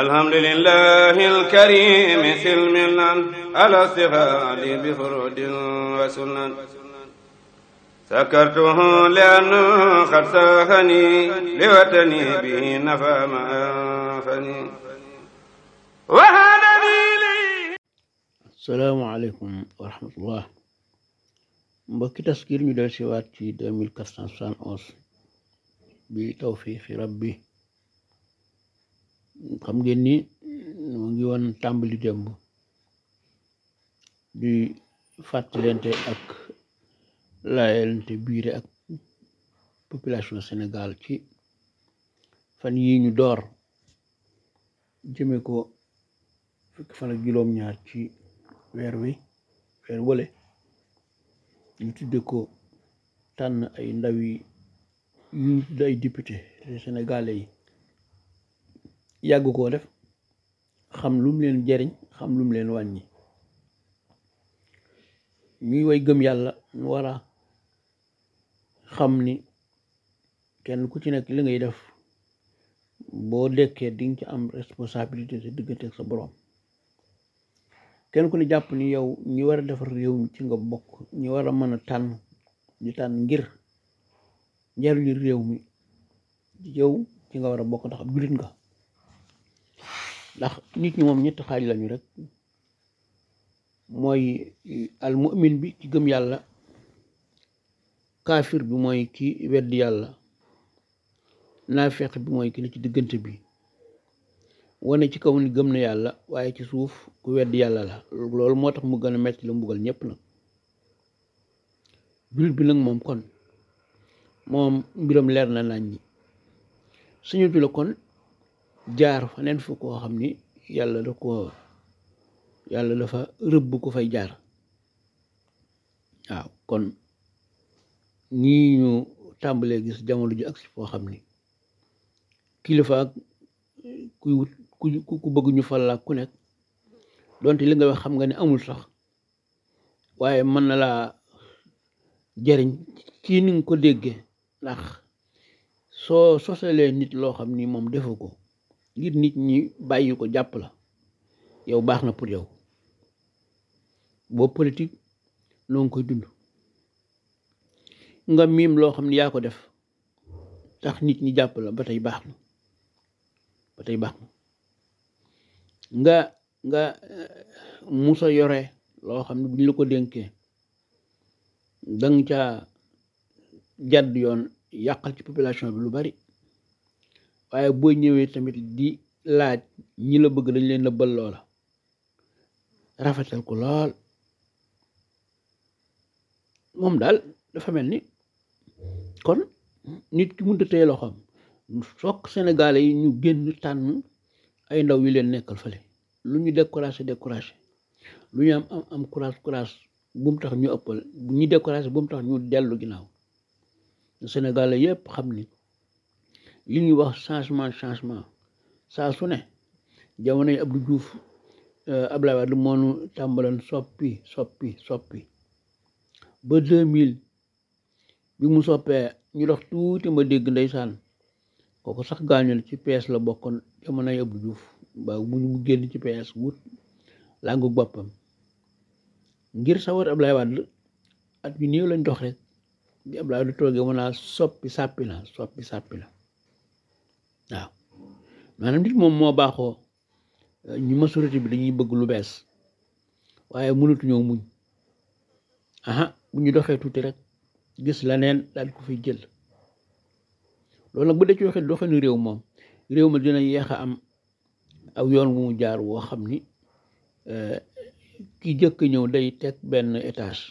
alhamdulillahi alkarimi silmilan alastihadi bifurudin wa sunan sakartuhu liannu qad sahani liwatani bihi nafa ma anfani asalaamaaleykum wa rahmatullah mbokki taskir ñu del siwaat ci 2471 bi tawfiixi rabbi xam ngeen ni mu ngi wan tàmbali démb di fàttalente ak laayalante biire ak population Sénégal ci fan yi ñu door jëme ko fukki fan ak juróom-ñaar ci weer wi weer wële ñu tudde ko tànn ay ndawi yu ay député sénégalais yi yàgg koo def xam lu mu leen jariñ xam lu mu leen wàññi ñuy way gëm yàlla nu war xam ni kenn ku ci nekk li ngay def boo dekkee dinga ci am responsabilité sa diggante sa boroom kenn ku ne jàpp ni yow ñi war a defar réew mi ci nga bokk ñi war a mën a tànn di tànn ngir njariñu réew mi yow ci nga war a bokk ndax ab jullit nga ndax nit ñi moom ñetti xaaj lañu rek mooy al mu'min bi ci gëm yàlla kaafir bi mooy ki wedd yàlla naafeq bi mooy ki ne ci diggante bi wane ci kaw ni gëm na yàlla waaye ci suuf ku wedd yàlla la loolu moo tax mu gën a metti la mbugal ñëpp nag jullit bi nag moom kon moom mbiram leer na nañ ñi suñu bi kon jaar faneen fu koo xam ni yàlla da koo yàlla dafa rëbb ko fay jaar waaw kon ñii ñu tàmbalee gis jamono ju agsi foo xam ni kilifa ak kuy wut ku ku bëgg fal laa ku nekk donte li nga wax xam nga ni amul sax waaye mën na laa jariñ kii ni nga ko déggee ndax soo sosalee nit loo xam ni moom defu ko ngir nit ñi bàyyi ko jàpp la yow baax na pour yow boo politique noo koy dund nga miim loo xam ne yaa ko def tax nit ñi jàpp la ba tey baax na ba tey baax na nga nga eh, musa yore loo xam ne bu ñu la ko dénkee danga ca jàdd yoon yàqal ci population bi lu bari waaye boo ñëwee tamit di laaj ñi la bëgg dañ leen nëbbal loola rafetal ko lool moom daal dafa mel ni kon nit ki mënut a téye loxoom sook Sénégalais yi ñu génn tànn ay ndaw yu leen nekkal fale lu ñu découragé découragé lu ñu am am am courage courage bu mu tax ñu ëppal ñu découragé bu mu tax ñu dellu ginnaaw Sénégalais yëpp xam ni. li ñuy wax changement changement saa su ne jamonoy Abdou Diouf euh, Abdoulaye Wade moo nu tàmbaloon soppi soppi soppi ba deux mille bi mu soppee ñu dox tuuti ma dégg ndeysaan kooku sax gaañul ci PS la bokkoon jamonoy Abdou Diouf ba mu génn ci PS wut làngu boppam ngir sawar Abdoulaye Wade at yu néew lañ dox rek bi Abdoulaye Wade toogee mën naa soppi sàppi na soppi sàppi na waaw maanaam nit moom moo baaxoo ñu maturité bi dañuy bëgg lu bees waaye mënatuñoo muñ aha bu ñu doxee tuuti rek gis la neen daal ko fay jël loolu nag bu dee ci doxee doxinu réew moom réew ma dina yeex a am aw yoon mu jaar woo xam ni euh, ki jëkk ñëw day teg benn étage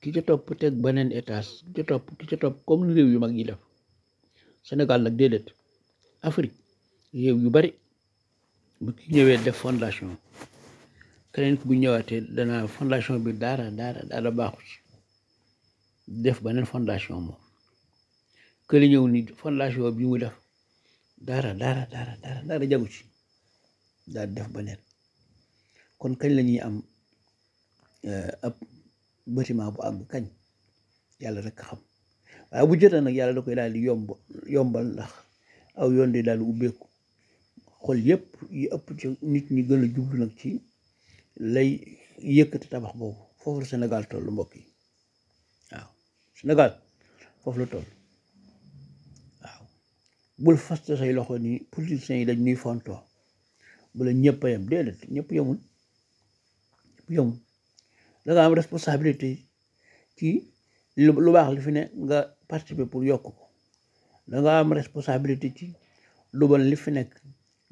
ki ca topp teg beneen étage ki ca topp ki topp comme réew yu mag yi def Sénégal nag déedéet Afrique réew yu bari bu ki ñëwee def fondation keneen bu ñëwaatee danaa fondation bi daara daara daara baaxu def beneen fondation moom ñëw ni fondation mu def daara daara daara jagu ci daal def beneen kon kañ la ñuy am eh, ab bâtiment bu am kañ yàlla rek xam waaye bu jotee nag yàlla da koy daal di yombal ndax aw yoon de daal ubbeeku xol yépp yi ëpp ci nit ñi gën a jublu nag ci lay yëkkati tabax boobu foofu la Sénégal toll mbokk yi waaw Sénégal foofu la tool waaw bul faste say loxo ni politiciens yi dañ ñuy fontoo bu la ñëpp a yem déedéet ñëpp yemul ñëpp yemul am responsabilité ci lu baax li fi ne nga participer pour yokk danga am responsabilité ci lu li fi nekk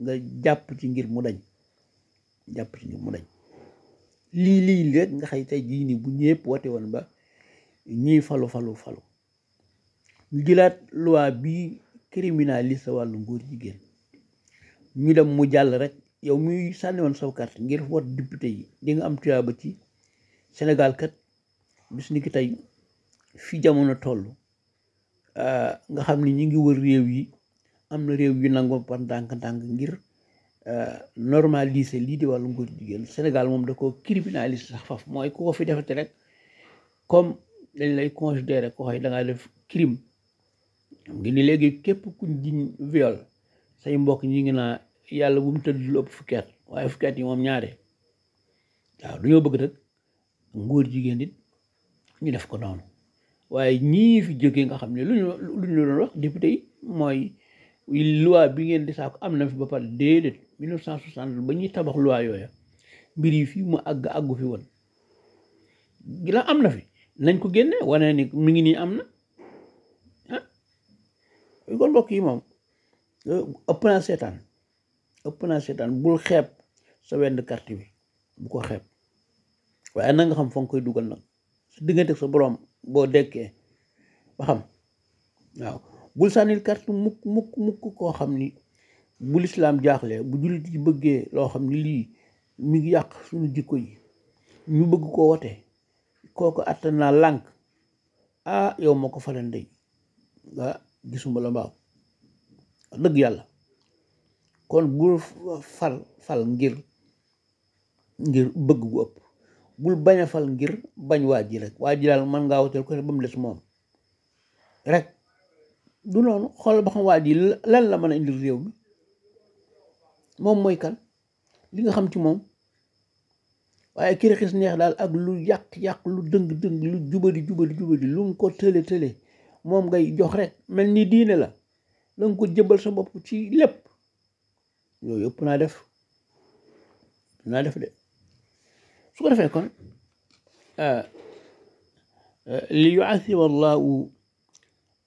nga jàpp ci ngir mu dañ jàpp ci ngir mu dañ lii lii li rek nga xëy tey jii nii bu ñëpp wate woon ba ñii falu falu falu ñu jëlaat loi bii sa wàllu ngóor jigéen ñu dem mu jàll rek yow muy sànni woon saw carte ngir wat député yi di nga am tuyaaba ci Sénégal kat bis ni ki tey fi jamono toll Euh, nga xam ni ñu ngi wër réew yi am na réew yu nangoo par ndànk-ndànk ngir normal euh, normaliser lii di wàllu ngóor jigéen Sénégal moom da ko criminaliser sax faf mooy ku ko fi defate rek comme dañ lay considéré ko xëy da def crime xam ni léegi képp ku jiñ viol say mbokk ñi ngi yàlla bu mu tëdd lu ëpp fukki at waaye fukki at yi moom ñaare waaw du ñoo bëgg rek ngóor jigéen it ñu def ko noonu waaye ñii fi jógee nga xam ne lu ñu lu ñu doon wax député yi mooy loi bi ngeen di saako am na fi ba pare déedéet ba ñuy tabax loi yooya mbir yi fii mu àgg àggu fi woon la am na fi nañ ko génne wane ni mu ngi nii am na ah kon mbokk yi moom ëpp naa seetaan ëpp naa seetaan bul xeeb sa wenn carte bi bu ko xeeb waaye na nga xam fa nga koy duggal nag sa diggante sa borom. boo dëkkee ba xam waaw bul sànnil carte mukk mukk mukk koo xam ni bu lislaam jaaxle bu jullit yi bëggee loo xam ni lii mi ngi yàq suñu jikko yi ñu bëgg ko wote kooku attan naa lànk ah yow moo ko faral ndey ah gisuma la mbaaw dëgg yàlla kon bul fal fal ngir ngir bëgg gu ëpp bul bañ a fal ngir bañ waa ji rek waa ji daal man ngaa woteel ko ba mu des moom rek du noonu xool ba xam waa ji lan la mën a indil réew mi moom mooy kan li nga xam ci moom waaye kirixis neex daal ak lu yàq-yàq lu dëng-dëng lu jubadi jubadi jubadi lu nga ko tële tële moom ngay jox rek mel ni diine la la nga ko jëbal sa bopp ci lépp yooyu yëpp naa def naa def de su ko defee kon ah, li yuasiba allahu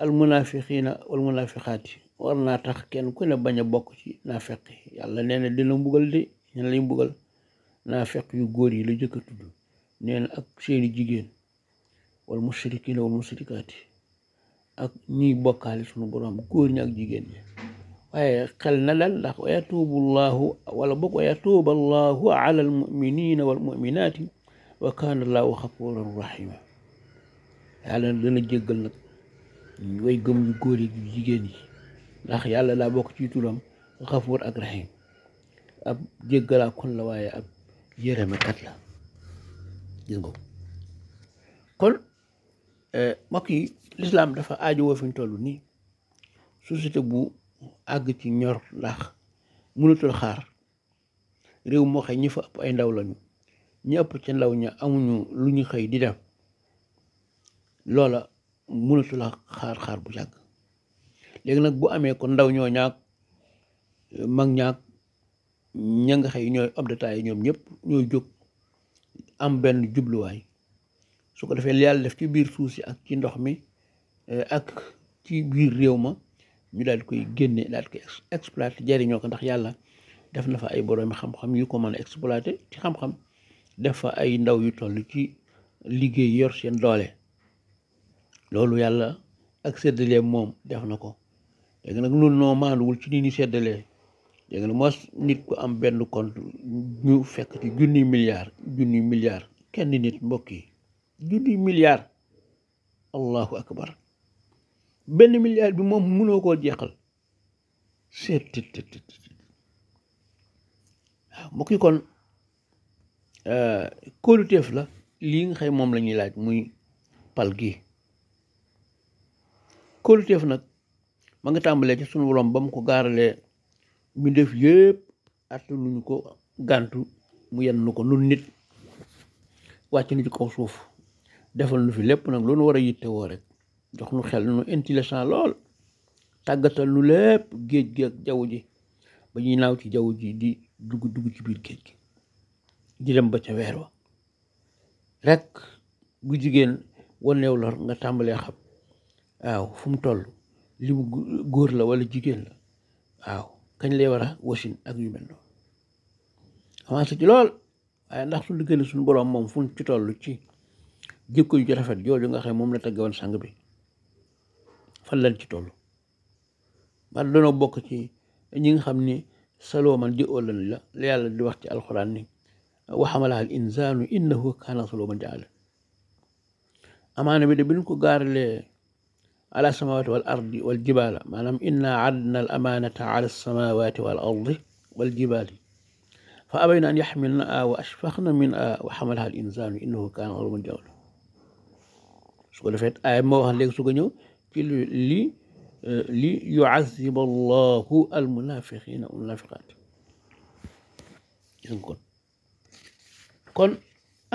al munafiqina wal munafiqaati war naa tax kenn ku ne bañ a bokk ci naafeq yi yàlla nee na dina mbugal de ñen lay mbugal naa naafeq yu góor yi la jëkk a tudd nee na ak seeni jigéen wal mushrikina wal mushrikaati ak ñiy bokkaale sunu borom góor ñi ak jigéen ñi waaye xel na lal ndax wala boog wa yatuuba allahu ala almuminina wal muminaati wa kaana allahu xafuran rahima yàlla dana jéggal nag góor yi yu yàlla daa bokk ci ak rahim ab jéggalaa kon la waaye ab yërëmekat la gis nga kon eh, mbokk yi lislaam dafa aajowoo fi ñu toll nii société àgg ci ñor ndax mënatul xaar réew moo xëy ñi fa ëpp ay ndaw lañu ñi ci ndaw ña amuñu lu ñu xëy di dem loola mënatul xaar xaar bu yàgg léegi nag bu amee kon ndaw ñoo ñaag mag ñaag ña nga xëy ñooy homme ñoom ñëpp ñooy jóg am benn jubluwaay su ko defee yàlla def ci biir suuf si ak ci ndox mi eh, ak ci biir réew ma ñu daal koy génne daal koy exploité jariñoo ko ndax yàlla def na fa ay boroomi xam-xam yu ko mën a exploité ci xam-xam def fa ay ndaw yu toll ci liggéey yor seen doole loolu yàlla ak séddale moom def na ko léegi nag loolu noo maanduwul ci ni ñu séddalee léegi nag mos nit ku am benn compte ñu fekk ci junni milliard junni milliard kenn nit mbokk yi junni milliard allahu akbar benn milliard bi moom mënoo koo jeexal seet tit tit tit waaw kon euh, kóoluteef la lii nga xam moom la ñuy laaj muy pal gi kóoluteef nag ma nga tàmbalee ci sunu borom ba mu ko gaaralee mu def yëpp attanuñu ko gàntu mu yenn nu ko nun nit wàcc na kaw suuf defal nu fi lépp nag loolu war a yitte woo rek jox nu xel nu intelligent lool tàggatal lu lépp géej gi ak jaww ji ba ñuy naaw ci jaww ji di dugg dugg ci biir géej gi di dem ba ca weer wa rek bu jigéen waneew lor nga tàmbalee xam waaw fu mu toll li góor la wala jigéen la waaw kañ lay war a wasin ak yu mel noonu avancé ci lool waaye ndax su liggéey suñu boroom moom fu ci toll ci jikko ju rafet jooju nga xam moom la tagg woon sang bi fan lañ ci toll man danoo bokk ci ñi nga xam ne saloo man di óolan la la yàlla di wax ci alxuraan ni wa xamalaha al insaanu innahu kaana saluuman jahuulan amaana bi de bi ñu ko gaaralee ala samawati wal ardi wal jibaala maanaam inna aradna al amaanata ala samawati wal ardi wal jibaali fa abayna an yaxmilna a wa ashfaqna min a wa xamalaha al insaanu innahu kaana saluuman jahuulan su ko defee ay moo wax léegi su ko ñëw ci li li euh, yuazib allahu al munafiqina kon kon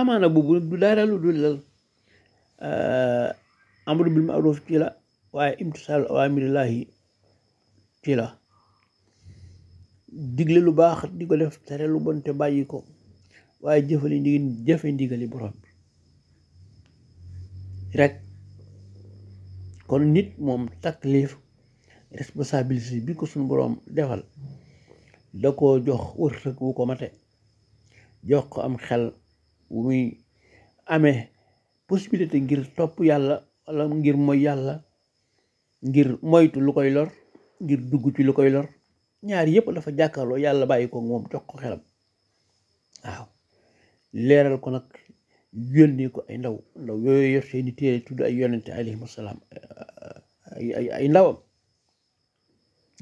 amaana boobu du dara lu dul lal euh, amru bil ma'ruf ci waaye imtisal awamirillahi ci la digle baax di ko def tere lu waaye jëfali ndigin jëfe ndigali kon nit moom taklif responsabilité bi ko suñu boroom defal da ko jox wërsëg wu ko mate jox ko am xel wu muy amee possibilité ngir topp yàlla wala ngir mooy yàlla ngir moytu lu koy lor ngir dugg ci lu koy lor ñaar yëpp dafa jàkkaarloo yàlla bàyyi ko moom jox ko xelam waaw leeral ko nag yónnee ko ay ndaw ndaw yooyu yor seeni téere tudd ay yonente alayhim assalaam ay ay ay ndawam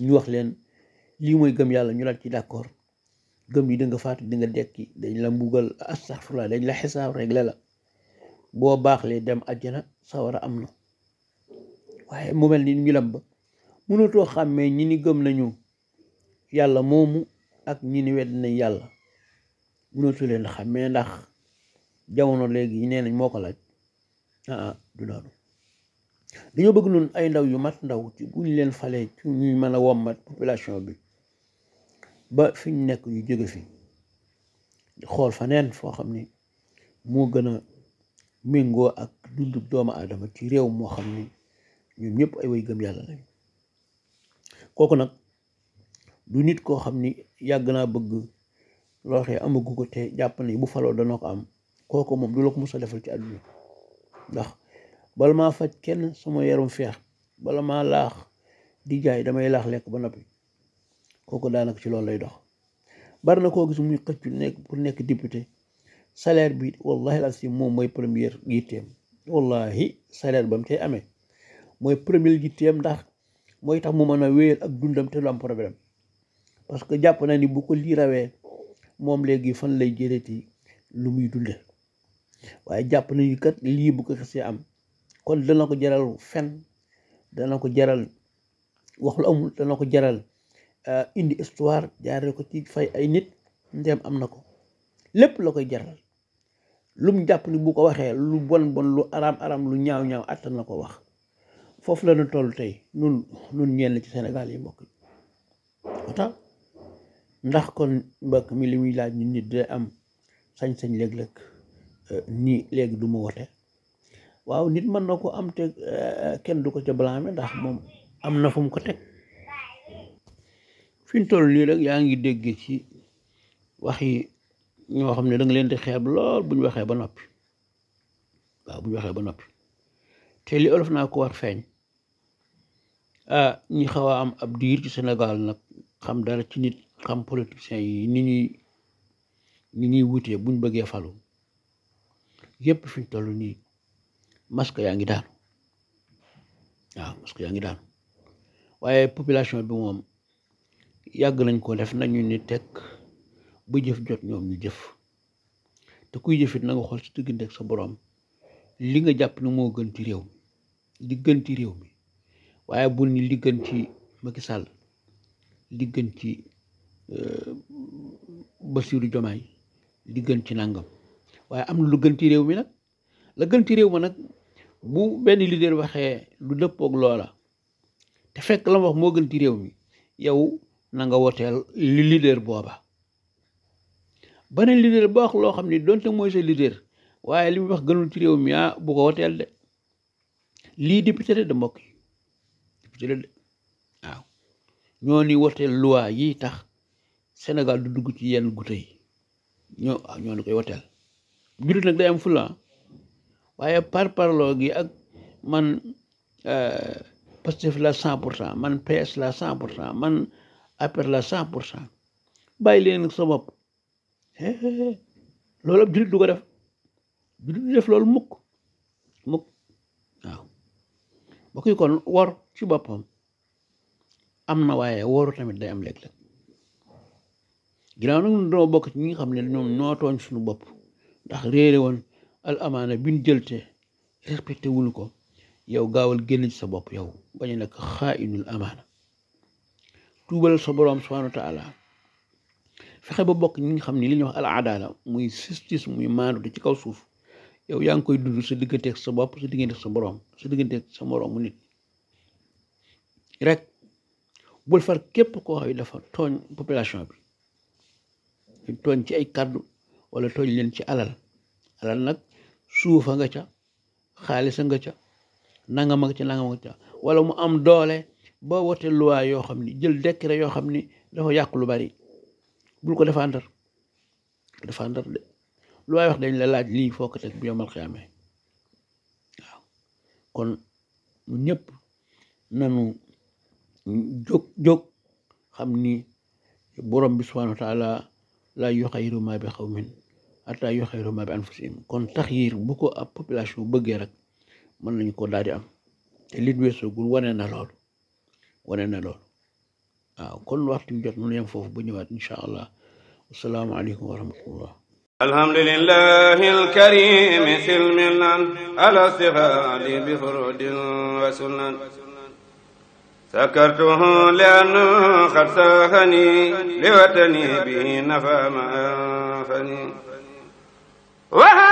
ñu wax leen lii mooy gëm yàlla ñu laaj ci d'accord gëm yi da nga faatu di nga dekki dañ la mbugal astaghfirullah dañ la xisaab réglé la boo baaxlee dem àjjana sawara am na waaye mu mel ni ñu lam ba mënatoo xàmmee ñi ni gëm nañu yàlla moomu ak ñi ni wedd nañ yàlla mënatu leen xàmmee ndax jamono léegi yi nee nañ moo ko laaj ah, ah dañoo bëgg nun ay ndaw yu mat ndaw ci bu ñu leen falee ci ñuy mën a wommat population bi ba fi ñu nekk yu jóge fi xool fa neen foo xam ni moo gën a méngoo ak dundu doomu aadama ci réew moo xam ni ñoom ñëpp ay way gëm yàlla lañ kooku nag du nit koo xam ni yàgg naa bëgg looxe amagu ko te jàpp ne bu faloo danoo ko am kooku moom du la ko mos a defal ci àdduna ndax bala maa faj kenn suma yaram feex bala maa laax di jaay damay laax lekk ba noppi kooku daanaka ci loolu lay dox bari na koo gis muy xëccu nekk pour nekk député salaire bi wallahi la si moom mooy première yitteem wallahi salaire ba mu cay amee mooy première yitteem ndax mooy tax mu mën a wéyal ak dundam te du am problème parce que jàpp na ni bu ko lii rawee moom léegi fan lay jëreeti lu muy dunde waaye jàpp nañu kat lii bu ko xasee am kon dana ko jaral fen dana ko jaral wax lu amul dana ko jaral eh, indi histoire jaaree ko ci fay ay nit ndeem am na ko lépp la koy jaral lum jàpp ni bu ko waxee lu bon bon lu araam araam lu ñaaw ñaaw àttan na ko wax foofu la ñu toll tey nun nun ñenn ci senegal yi mbokk ndax kon mbokk mi li muy laaj nit ñi am sañ-sañ léeg-léeg eh, nii léegi du ma wote waaw nit mën na ko am te eh, kenn du ko ca blâme ndax moom am na fu mu ko teg fi mu toll nii rek yaa ngi dégg ci wax yi ñoo xam ne da leen di xeeb lool bu ñu waxee ba noppi waaw bu ñu waxee ba noppi te li olof naa ko war feeñ ah, ñi xaw a am ab diir ci Sénégal nag xam dara ci nit xam politiciens yi ni ñuy ni ñuy wutee buñ bëggee falu yépp fi ñu toll nii. masque yaa ngi daanu waaw masque yaa ngi daanu waaye population bi moom yàgg nañ ko def nañu ni teg bu jëf jot ñoom ñu jëf te kuy jëfit na xool ci diggante ak sa boroom li nga jàpp ne moo gën ci réew mi gën ci réew mi waaye bul ni li gën ci Macky Sall li gën ci euh, Bassirou Diomaye li gën ci nàngam waaye am na lu gën ci réew mi nag la gën ci réew ma nag bu benn leader waxee lu dëppoog loola te fekk la wax moo gën ci réew mi yow nanga woteel li leader booba beneen leader ba wax loo xam ni donte mooy sa leader waaye li mu wax gënul ci réew mi ah bu ko woteel de lii député de mbokk yi député de waaw ñoo ni woteel loi yi tax Sénégal du dugg ci yenn guute yi ñoo ñoo ni koy woteel jullit nag day am fulaan ah. waaye parparloo gi ak man euh, Pastef la cent pour cent man PS la cent pour cent man APR la cent pour cent bàyyi leen sa bopp loolu ab jullit du ko def jullit du def loolu mukk mukk waaw bokk kon wor ci boppam am na waaye woru tamit day am léeg-léeg ginnaaw nag ñun doo bokk ci ñi nga xam ne ñoom ñoo tooñ suñu bopp ndax réere woon al amaana bi ñu jël te respecté ko yow gaawal génn sa bopp yow bañ a nekk xaayinul amaana tuubal sa boroom subhaanahu wa taala fexe ba bokk ñi nga xam ni li ñuy wax al adala muy justice muy maandu ci kaw suuf yow yaa ngi koy dund sa digganteeg sa bopp sa digganteeg sa boroom sa digganteeg sa moroomu nit rek bul far képp koo xam ne population bi tooñ ci ay kàddu wala tooñ leen ci alal nag suuf a nga ca xaalisa nga ca nanga ma ca nangam ak ca wala mu am doole boo wote loi yoo xam ni jël décret yoo xam ni dafa yàq lu bari bul ko défendre défendre de loi wax dañ la laaj lii foo ko teg bu yomal xiyaamee kon ñun ñëpp nanu jóg jóg xam ni borom bi subhanahu wa taala la yuxayiru bi xaw xawmin ata yu xayru ma bi anfusihim kon taxyiir bu ko ab population rek mën nañu ko daal am te li weesoogul wane na loolu wane na loolu waaw kon waxtu bi jot nu yem foofu bu ñëwaat incha allah asalaamaaleykum wa rahmatullah alhamdulillahi alkarimi silmilan ala sifadi bi furudin wa sunan sakartuhu qad saxani liwatani bihi nafa ma wa